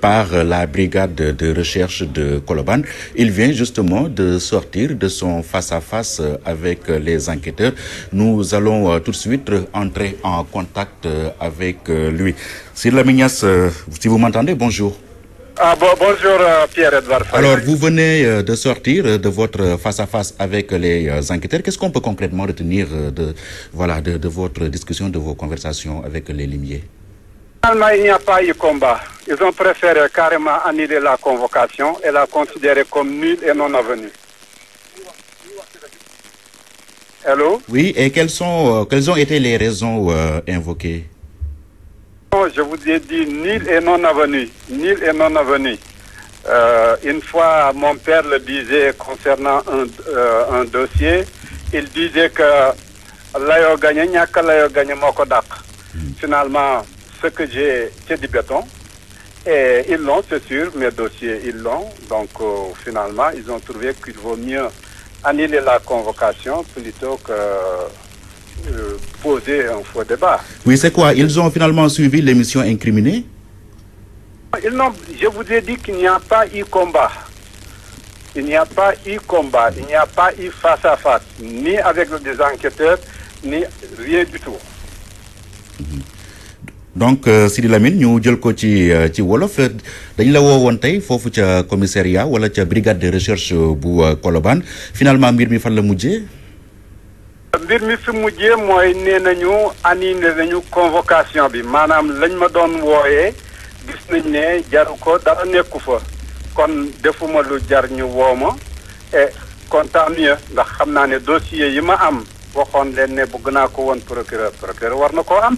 par la brigade de recherche de Koloban. Il vient justement de sortir de son face-à-face euh, avec euh, les enquêteurs. Nous allons euh, tout de suite entrer en contact avec lui. Sir Lamignas, si vous m'entendez, bonjour. Ah, bonjour Pierre-Edouard. Alors, vous venez de sortir de votre face-à-face avec les enquêteurs. Qu'est-ce qu'on peut concrètement retenir de, voilà, de, votre discussion, de vos conversations avec les limiers il n'y a pas eu combat. Ils ont préféré carrément annuler la convocation et la considérer comme nulle et non avenue. Hello? Oui, et quelles, sont, euh, quelles ont été les raisons euh, invoquées Je vous ai dit nul et non avenue. et non avenue. Euh, une fois, mon père le disait concernant un, dossier, il disait que Layo Gagné, Gagné hmm. Finalement, ce que j'ai, c'est du béton. Et ils l'ont, c'est sûr, mes dossiers, ils l'ont. Donc, euh, finalement, ils ont trouvé qu'il vaut mieux annuler la convocation plutôt que euh, poser un faux débat. Oui, c'est quoi Ils ont finalement suivi l'émission incriminée ils Je vous ai dit qu'il n'y a pas eu combat. Il n'y a pas eu combat. Il n'y a pas eu face à face, ni avec des enquêteurs, ni rien du tout. donc euh, Sidi Lamine ñu jël ko ci euh, ci wolof dañ la woowoon tey foofu ca commissariat wala ca brigade de recherche bu koloban euh, finalement mbir mi fan la mujjee. mbir mi fi mujjee mooy nee nañu annulé nañu convocation bi maanaam lañ ma doon wooyee gis nañ ne jaru ko dara nekku fa kon defuma lu jar ñu woo ma et kon tant mieux ndax xam naa ne dossier yi ma am waxoon leen ne bëgg naa ko woon procureur procureur war na ko am.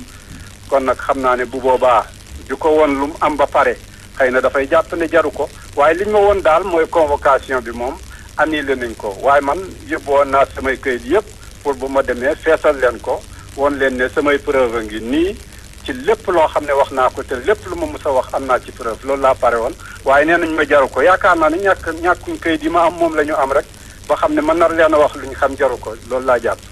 kon nag xam naa ne bu boobaa ju ko woon lu mu am ba pare xëy na dafay jàpp ne jaru ko waaye li ñu ma woon daal mooy convocation bi moom annulé nañ ko waaye man yóbbu woon naa samay këyit yëpp pour bu ma demee feesal leen ko woon leen ne samay preuve a ngi nii ci lépp loo xam ne wax naa ko te lépp lu ma mës a wax am naa ci preuve loolu laa pare woon waaye nee nañ ma jaru ko yaakaar naa ne ñàkk ñàkkuñ këyit yi ma am moom la ñu am rek boo xam ne mën nar leen a wax lu ñu xam jaru ko loolu laa jàpp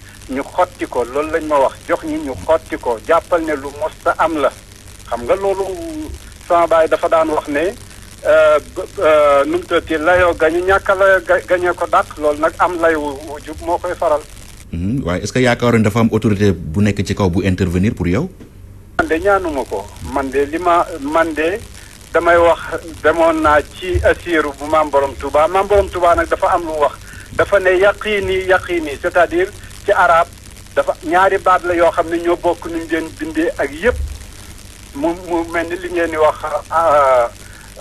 ñu xotti ko loolu lañ ma wax jox ñi ñu xotti ko jàppal ne lu mosta am la xam nga loolu sama baay dafa daan wax ne euh, euh, nu mu tëddee layoo gañu ñàkk a layoo gañee ko dàq loolu nag am lay wu jub moo koy faral. Hmm, waaye est-ce que yaakaaroon dafa am autorité bu nekk ci kaw bu intervenir pour yow. man de ñaanuma ko man de li ma man de damay wax demoon naa ci asiiru bu maam borom Touba maam borom tubaa nag dafa am lu wax dafa ne yaqiini yaqiini c'est-à-dire. ci araab dafa ñaari baat la yoo xam ne ñoo bokk nuñ leen bindee ak yëpp mu mu mel ni li ngeen di wax euh,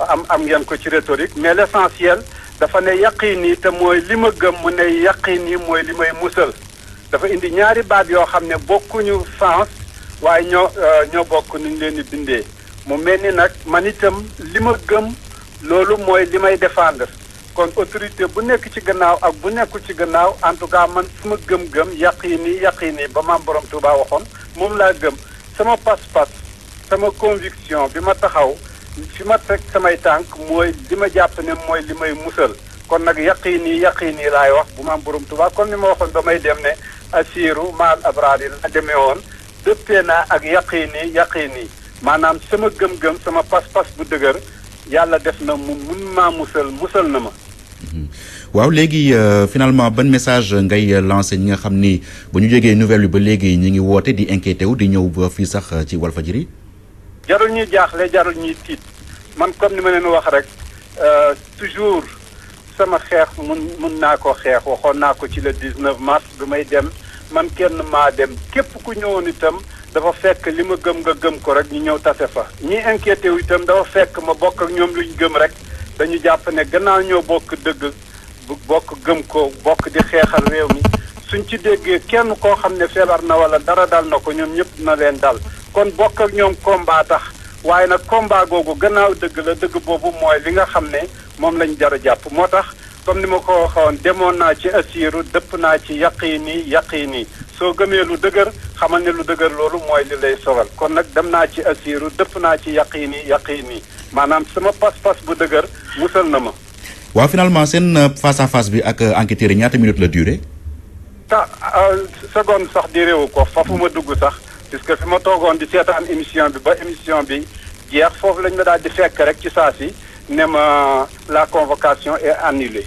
am am ngeen ko ci rhétorique mais l'essentiel dafa ne yaqiin yi te mooy li ma gëm mu ne yaqiin yi mooy li may musal dafa indi ñaari baat yoo xam ne bokkuñu sens waaye ñoo euh, ñoo bokk nuñ leen di bindee mu mel ni nag man itam li ma gëm loolu mooy li may défendre kon autorité bu nekk ci gannaaw ak bu nekkul ci gannaaw en tout man su ma gëm-gëm yaqini nii ba maam borom Touba waxoon moom laa gëm sama pas-pas sama conviction bi ma taxaw fi ma teg samay tànk mooy li ma jàpp ne mooy li may musal kon nag nii yaqini yaqini laay wax bu maam borom Touba kon ni ma waxoon ba may dem ne asiru maal abraar yi la demee woon dëppee naa ak yaqini nii maanaam sama gëm-gëm sama pas-pas bu dëgër yalla def na mu mun ma musal musal na ma. Hmm. waaw léegi euh, finalement ban message ngay euh, lancé ñi nga xam ni ba ñu jógee nouvelle bi ba léegi ñu ngi woote di inquiété wu di ñëw ba fii sax euh, ci walfa Walfadjri. jarul ñuy jaaxle jarul ñuy tiit man comme ni ma leen wax rek toujours sama xeex mun mun naa ko xeex waxoon naa ko ci le 19 mars bi may dem. man kenn maa dem képp ku ñëwoon itam dafa fekk li ma gëm nga gëm ko rek ñu ñëw tase fa. ñi inquiété wu itam dafa fekk ma bokk ak ñoom luñ gëm rek dañu jàpp ne gannaaw ñoo bokk dëgg bokk gëm ko bokk di xeexal réew mi suñ ci déggee kenn koo xam ne feebar na wala dara dal na ko ñoom ñëpp na leen dal kon bokk ak ñoom combat tax waaye nag combat googu gannaaw dëgg la dëgg boobu mooy li nga xam ne moom lañu jar a jàpp moo tax. comme ni ma ko waxoon demoon naa ci assiru dëpp naa ci yàq yàq yi nii yi nii soo gëmee lu dëgër xamal ne lu dëgër loolu mooy li lay sogal kon nag dem naa ci assiru dëpp naa ci yàq yàq yi nii yi nii maanaam sama pas-pas bu dëgër musal na ma. waa finalement seen euh, face à face bi ak euh, enquêteurs yi ñaata minutes la durée. ta euh, seconde sax di réew ko fa fu ma dugg sax que fi ma toogoon di seetaan émission bi ba émission bi jeex foofu lañ ma daal di fekk rek ci saa si ne ma la convocation est annulée.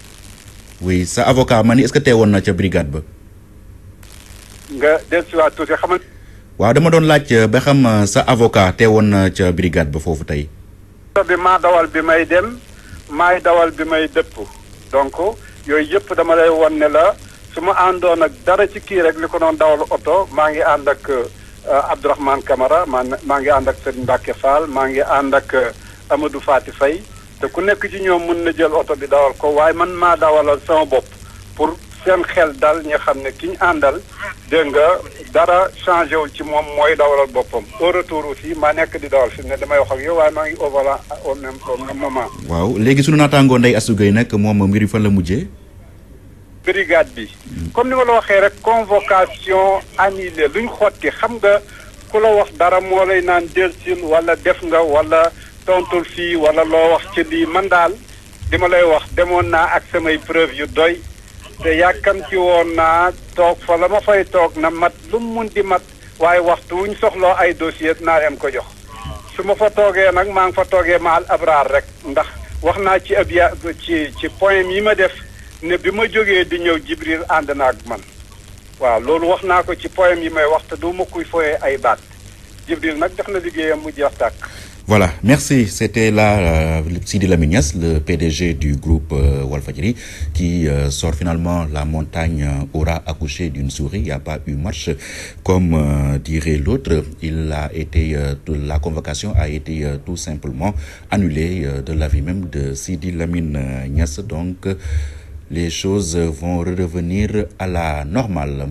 oui sa avocat ma ni est na ca brigade ba. nga dellusiwaat tuuti dama doon laaj eh, ba xam eh, sa avocat teewoon na ca brigade ba foofu tey. bi maa dawal bi may dem maay dawal bi may dëpp donc yooyu yëpp dama lay won ne la su ma àndoon ak dara ci kii rek li ko doon dawal oto maa ngi ànd ak eh, Abdourahmane Camara maa maa ngi ànd ak Serigne Mbacke Fall maa ngi ànd ak amadu faati Faye te ku nekk ci ñoom mën na jël oto bi dawal ko waaye man maa dawalal sama bopp pour seen xel dal ñi xam ne ki ñu àndal dégg nga dara changé wul ci moom mooy dawalal boppam au retour aussi maa nekk di dawal fi ne damay wax ak yow waaye maa ngi au volant au même au même moment. waaw léegi sunu naataangoo Ndeye Astou Gueye nag moom mbir yi fan la mujjee. brigade bi. comme ni ma la waxee rek convocation annulée luñ xotti xam nga ku la wax dara moo lay naan dellusiin wala def nga wala. tontul fii walla loo wax ci lii man daal li ma lay wax demoon naa ak samay preuve yu doy te yàkkamti woon naa toog fa la ma fay toog na mat lu mun di mat waaye waxtu wuñ soxloo ay dossier naa leen ko jox su ma fa toogee nag maa ngi fa toogee ma al abraar rek ndax wax naa ci ab ya ci ci poème yi ma def ne bi ma jógee di ñëw Jibril ànd na ak man waaw loolu wax naa ko ci poème yi may wax te du ma koy fooyee ay baat Jibril nag def na liggéeyam mu jeex tàkk Voilà, merci. C'était là euh, Sidi Lamignas, le PDG du groupe euh, qui euh, sort finalement la montagne euh, aura accouché d'une souris. Il n'y a pas eu marche, comme dirait l'autre. Il a été, la convocation a été tout simplement annulée de la vie même de Sidi Lamignas. Donc, les choses vont revenir à la normale.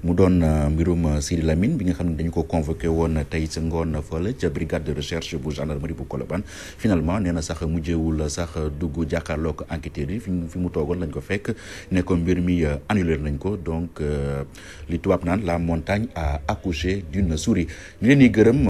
mu doon euh, mbirum euh, Sidi Lamine bi nga xam ne dañu ko convoqué woon euh, tey sa ngoon fële ca brigade de recherche bu gendarmerie bu Colobane finalement nee na sax mujjewul sax dugg jàkkaarloog enquêteurs yi fi mu toogoon lañ ko fekk ne ko mbir mi annulé nañ ko donc li tubaab naan la montagne a accouché d'une souris ñu leen di gërëm